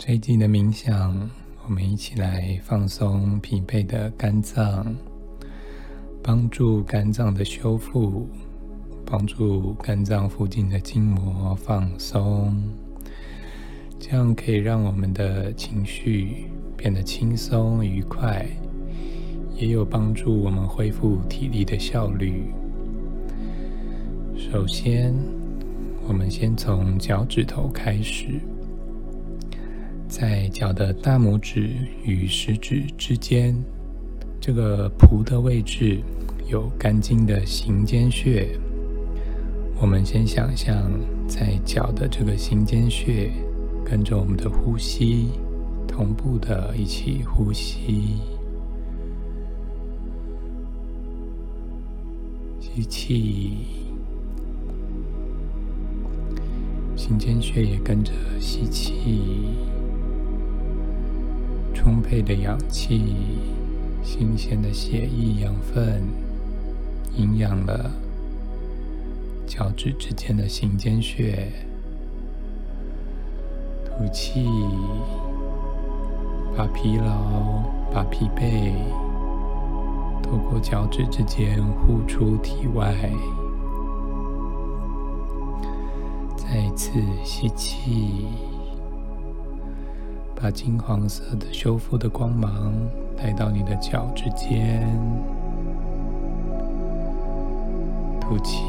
最近的冥想，我們一起來放鬆疲憊的肝臟，幫助肝臟的修復，幫助肝臟附近的筋膜放鬆，這樣可以讓我們的情緒變得輕鬆愉快，也有幫助我們恢復體力的效率。首先，我們先從腳趾頭開始。在腳的大拇指與食指之間，這個蹼的位置有肝經的行間穴。我們先想象在腳的這個行間穴，跟着我們的呼吸，同步的一起呼吸，吸氣，行間穴也跟着吸氣。充沛的氧氣，新鮮的血液、養分，營養了腳趾之間的行間穴。吐氣，把疲勞、把疲憊，透過腳趾之間呼出體外。再一次吸氣。把金黃色的修復的光芒帶到你的腳趾間，吐氣，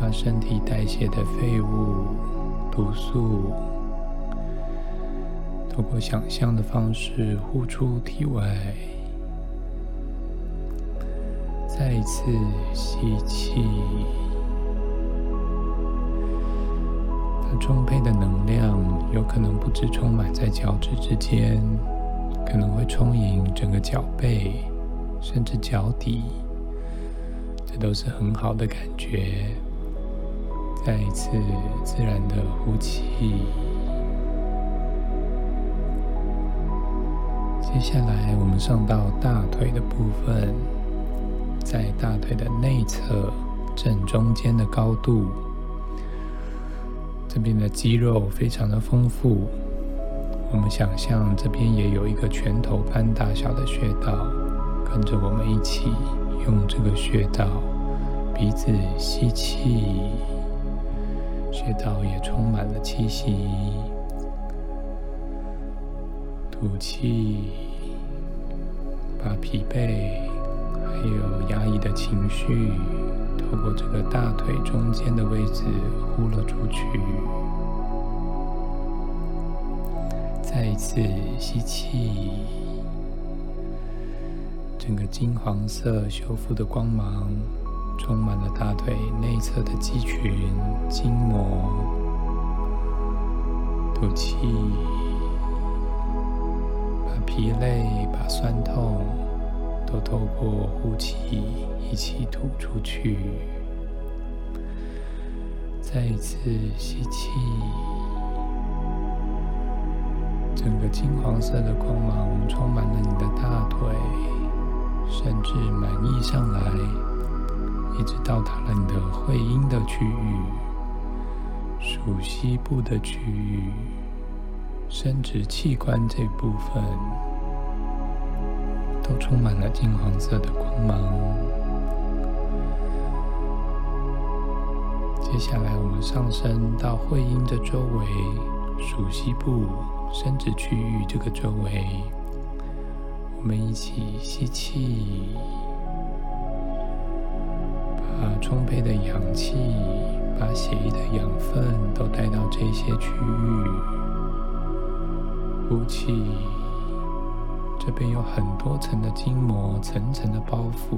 把身體代謝的廢物、毒素，透過想象的方式呼出體外，再一次吸氣。充沛的能量有可能不只充滿在腳趾之間，可能會充盈整個腳背，甚至腳底，這都是很好的感覺。再一次自然的呼氣。接下來，我們上到大腿的部分，在大腿的內側正中間的高度。這邊的肌肉非常的豐富，我們想象這邊也有一個拳頭般大小的穴道，跟着我們一起用這個穴道，鼻子吸氣，穴道也充滿了氣息，吐氣，把疲憊。還有壓抑的情緒，透過這個大腿中間的位置呼了出去。再一次吸氣，整個金黃色修復的光芒充滿了大腿內側的肌群、筋膜。吐氣，把疲累、把痠痛。都透過呼氣一起吐出去，再一次吸氣，整個金黃色的光芒充滿了你的大腿，甚至滿溢上來，一直到達了你的會陰的區域、鼠蹊部的區域、生殖器官這部分。充滿了金黃色的光芒。接下來，我們上升到會陰的周圍、鼠蹊部、生殖區域這個周圍，我們一起吸氣，把充沛的氧氣、把血液的養分都帶到這些區域，呼氣。這邊有很多層的筋膜，層層的包覆。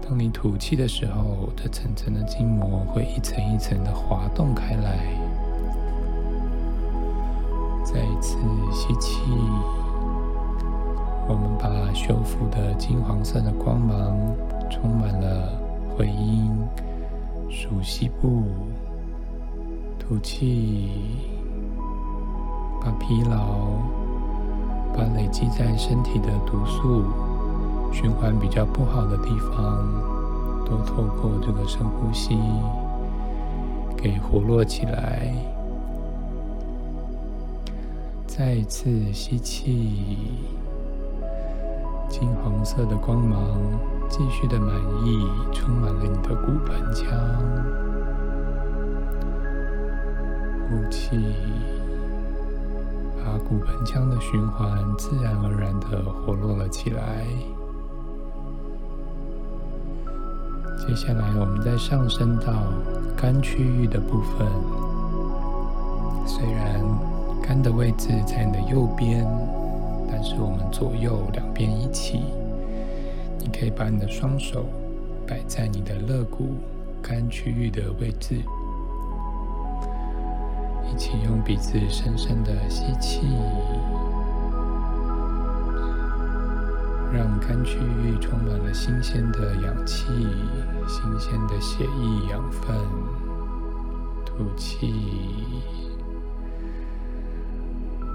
當你吐氣的時候，這層層的筋膜會一層一層的滑動開來。再一次吸氣，我們把修復的金黃色的光芒充滿了回音，數息步，吐氣，把疲勞。把累積在身體的毒素、循環比較不好的地方，都透過這個深呼吸給活絡起來。再一次吸氣，金黃色的光芒繼續的滿溢，充滿了你的骨盆腔。呼氣。把骨盆腔的循環自然而然的活絡了起來。接下來，我們再上升到肝區域的部分。雖然肝的位置在你的右邊，但是我們左右兩邊一起，你可以把你的雙手擺在你的肋骨肝區域的位置。一起用鼻子深深的吸氣，讓肝區域充滿了新鮮的氧氣、新鮮的血液養分。吐氣，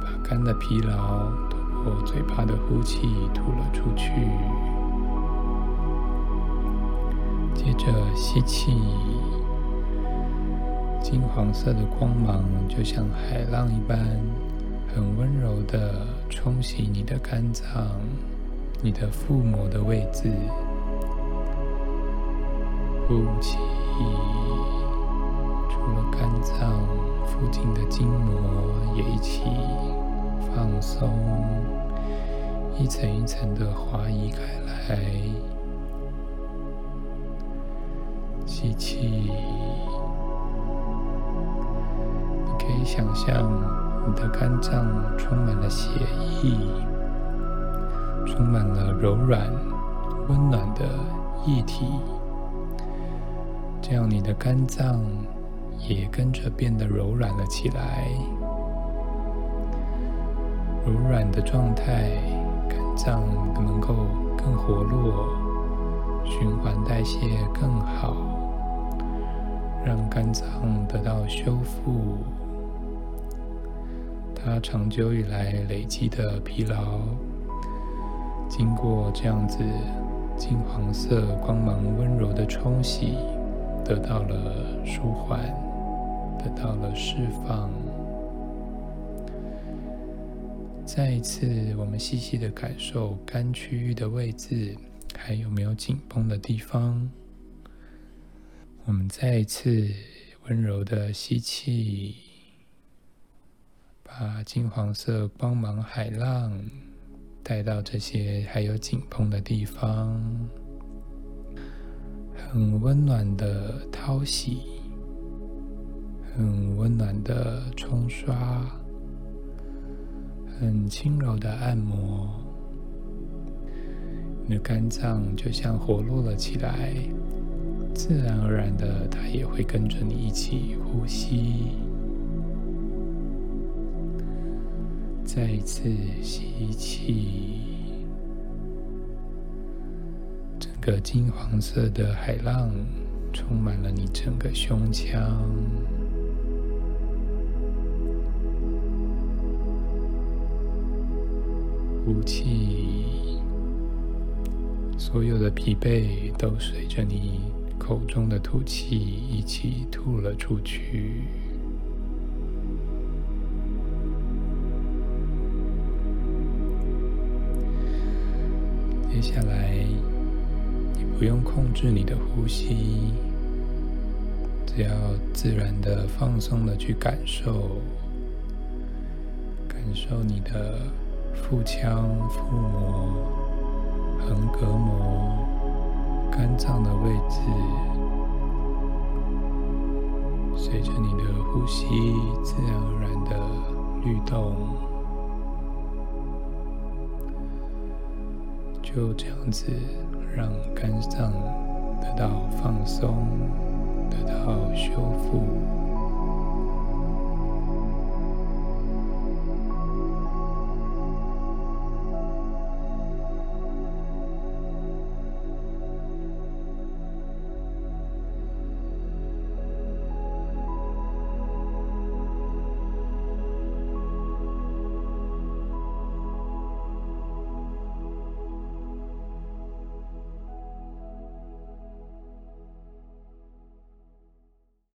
把肝的疲勞通過嘴巴的呼氣吐了出去。接着吸氣。金黃色的光芒就像海浪一般，很溫柔地沖洗你的肝臟、你的腹膜的位置。呼氣，除了肝臟附近的筋膜也一起放鬆，一層一層地滑移開來。吸氣。可以想象，你的肝臟充滿了血液，充滿了柔軟、溫暖的液體，這樣你的肝臟也跟着變得柔軟了起來。柔軟的狀態，肝臟能夠更活絡，循環代謝更好，讓肝臟得到修復。它長久以來累積的疲勞，經過這樣子金黃色光芒溫柔的沖洗，得到了舒緩，得到了釋放。再一次，我們細細的感受肝區域的位置，還有沒有緊繃的地方。我們再一次溫柔的吸氣。金黃色光芒，海浪帶到這些還有緊繃的地方，很溫暖的淘洗，很溫暖的沖刷，很輕柔的按摩。你的肝臟就像活絡了起來，自然而然的，它也會跟着你一起呼吸。再一次吸氣，整個金黃色的海浪充滿了你整個胸腔。呼氣，所有的疲憊都隨着你口中的吐氣一起吐了出去。接下來，你不用控制你的呼吸，只要自然的、放鬆的去感受，感受你的腹腔、腹膜、橫膈膜、肝臟的位置，隨着你的呼吸自然而然的律動。就這樣子，讓肝臟得到放鬆，得到修復。